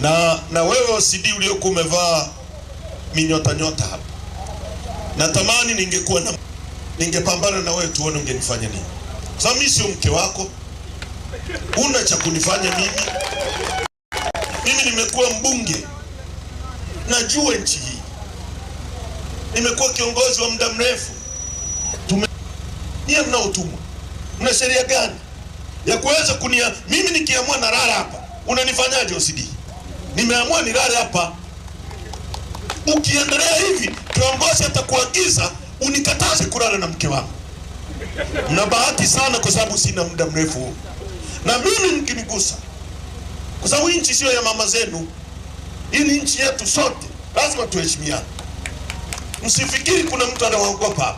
na, na wewe OCD uliokuwa umevaa minyota nyota hapa, natamani ningekuwa na ningepambana na wewe tuone ungenifanya nini, kwa sababu mimi sio mke wako, una cha kunifanya mimi. Mimi nimekuwa mbunge, najua nchi hii, nimekuwa kiongozi wa muda mrefu. Tume nyie mnaotumwa, mna sheria gani ya kuweza kunia mimi nikiamua na rara hapa, unanifanyaje OCD? nimeamua nilale hapa. Ukiendelea hivi, kiongozi atakuagiza unikataze kulala na mke wangu. Mna bahati sana, kwa sababu sina muda mrefu huu, na mimi nikinigusa, kwa sababu hii nchi sio ya mama zenu, hii ni nchi yetu sote, lazima tuheshimiane. Msifikiri kuna mtu anawaogopa.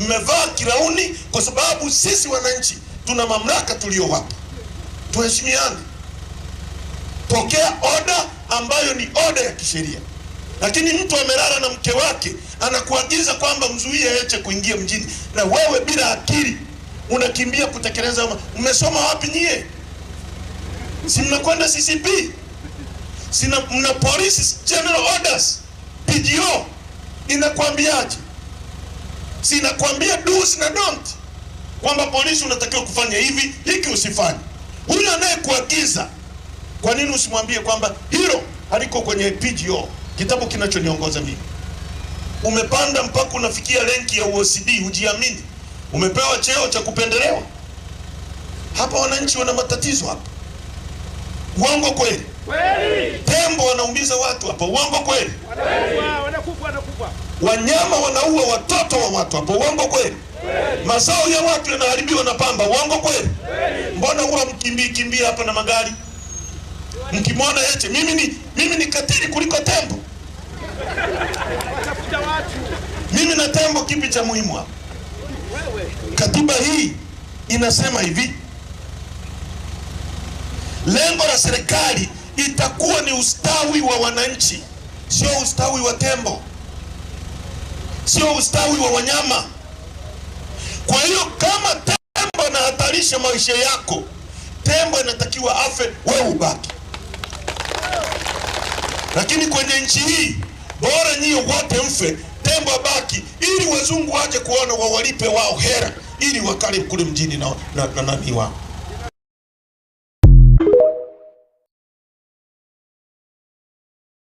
Mmevaa kirauni kwa sababu sisi wananchi tuna mamlaka tuliyowapa, tuheshimiane kupokea oda ambayo ni oda ya kisheria. Lakini mtu amelala na mke wake anakuagiza kwamba mzuie Heche kuingia mjini, na wewe bila akili unakimbia kutekeleza. Mmesoma wapi nyie? Si mnakwenda CCP? Si mna polisi general orders, PGO inakwambiaje? Si inakwambia do's na don't, kwamba polisi unatakiwa kufanya hivi, hiki usifanye. Huyo anayekuagiza kwa nini usimwambie kwamba hilo haliko kwenye PGO, kitabu kinachoniongoza mimi? Umepanda mpaka unafikia renki ya OCD, hujiamini, umepewa cheo cha kupendelewa. Hapa wananchi wana matatizo hapa. Uongo kweli? Kweli. Tembo wanaumiza watu hapa. Uongo kweli? Wanyama wanaua watoto wa watu hapa. Uongo kweli? Mazao ya watu yanaharibiwa na pamba. Uongo kweli? Mbona huwa mkimbii kimbia hapa na magari? mkimwona eti mimi ni, mimi ni katili kuliko tembo. Mimi na tembo kipi cha muhimu hapa? Katiba hii inasema hivi, lengo la serikali itakuwa ni ustawi wa wananchi, sio ustawi wa tembo, sio ustawi wa wanyama. Kwa hiyo kama tembo anahatarisha maisha yako, tembo inatakiwa afe, wewe ubaki. Lakini kwenye nchi hii bora nyinyi wote mfe, tembo baki ili wazungu waje kuona wawalipe wao hera, ili wakale kule mjini na, na, na wao